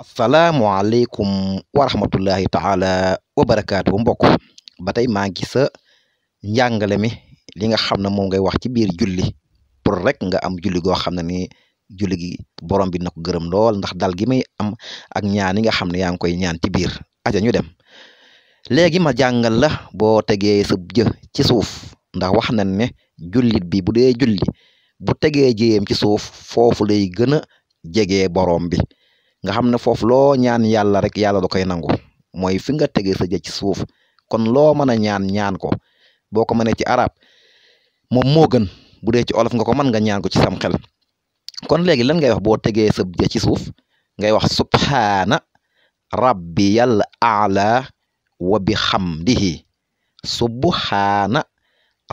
asalaamualeykum wa rahmatullahi taala wa barakaatu mbokk ba tey maa ngi sa njàngale mi li nga xam ne moom ngay wax ci biir julli pour rek nga am julli goo xam ne ni julli gi borom bi na ko gërëm lool ndax dal gi may am ak ñaan yi nga xam ne yaa ngi koy ñaan ci biir aja ñu dem léegi ma jàngal la boo tegee sa jë ci suuf ndax wax nañ ne jullit bi bu dee julli bu tegee jéem ci suuf foofu lay gën a jegee borom bi nga xam ne foofu loo ñaan yàlla rek yàlla da koy nangu mooy fi nga tegee sa jë ci suuf kon loo mën a ñaan ñaan ko boo ko mënee ci arab moom moo gën bu dee ci olof nga ko mën nga ñaan ko ci sam xel kon léegi lan ngay wax boo tegee sa jë ci suuf ngay wax subhaana rabbiyal aala wa bi xamdihi subhaana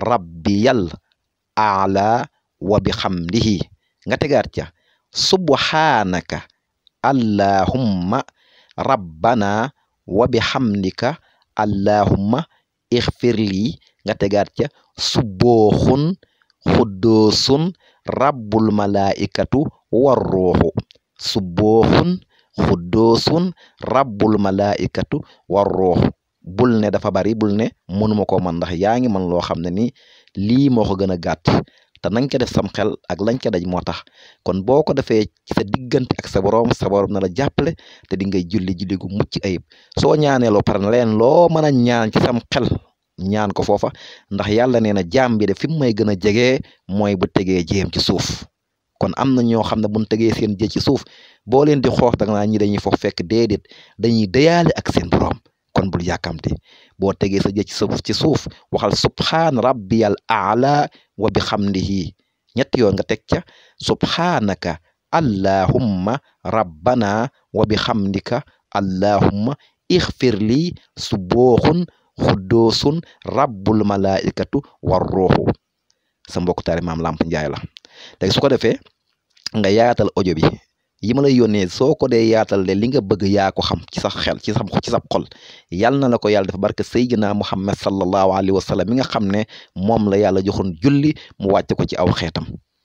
rabbiyal aala wa bi xamdihi nga tegaat ca subhaanaka allahumma rabbana wa bihamdika allahumma ixfirli nga tegaat ca subbooxun xuddoosun rabbul malaikatu war ruuxu subbooxun xuddoosun rabbul malaikatu war ruuxu bul ne dafa bari bul ne mënuma koo man ndax yaa ngi man loo xam ne ni lii moo ko gën a gàtt te nañ ca def sam xel ak lañ ca daj moo tax kon boo ko defee sa diggante ak sa borom sa borom na la jàppale te di ngay julli julli gu mucc ayib soo ñaaneeloo pare na leen loo mën a ñaan ci sam xel ñaan ko foofa ndax yàlla nee na jaam bi de fi mu may gën a jegee mooy bu tegee jéem ci suuf kon am na ñoo xam ne buñ tegee seen jë ci suuf boo leen di xoox da nga naa ñi dañuy foof fekk déedéet dañuy déyaale ak seen borom kon bul yàkkamti boo tegee sa jë ci suuf ci suuf waxal subhaan rabbiyal aala wa bi xamdihi ñetti yoon nga teg ca subhaanaka allahumma rabbana wa bi xamdika allahumma ixfir lii subooxun xuddoosun rabbul malaaikatu war ruuxu sa mbokk taari maam Lamp Njaay la léegi su ko defee nga yaatal audio bi yi ma lay yónnee soo ko dee yaatal de bëgg yaa ko xam ci sax xel ci sam ci sab xol yàlla na la ko yàlla def barke sayyidina Muhammad sallallahu alayhi wa sallam mi nga xam ne moom la yàlla joxoon julli mu wàcce ko ci aw xeetam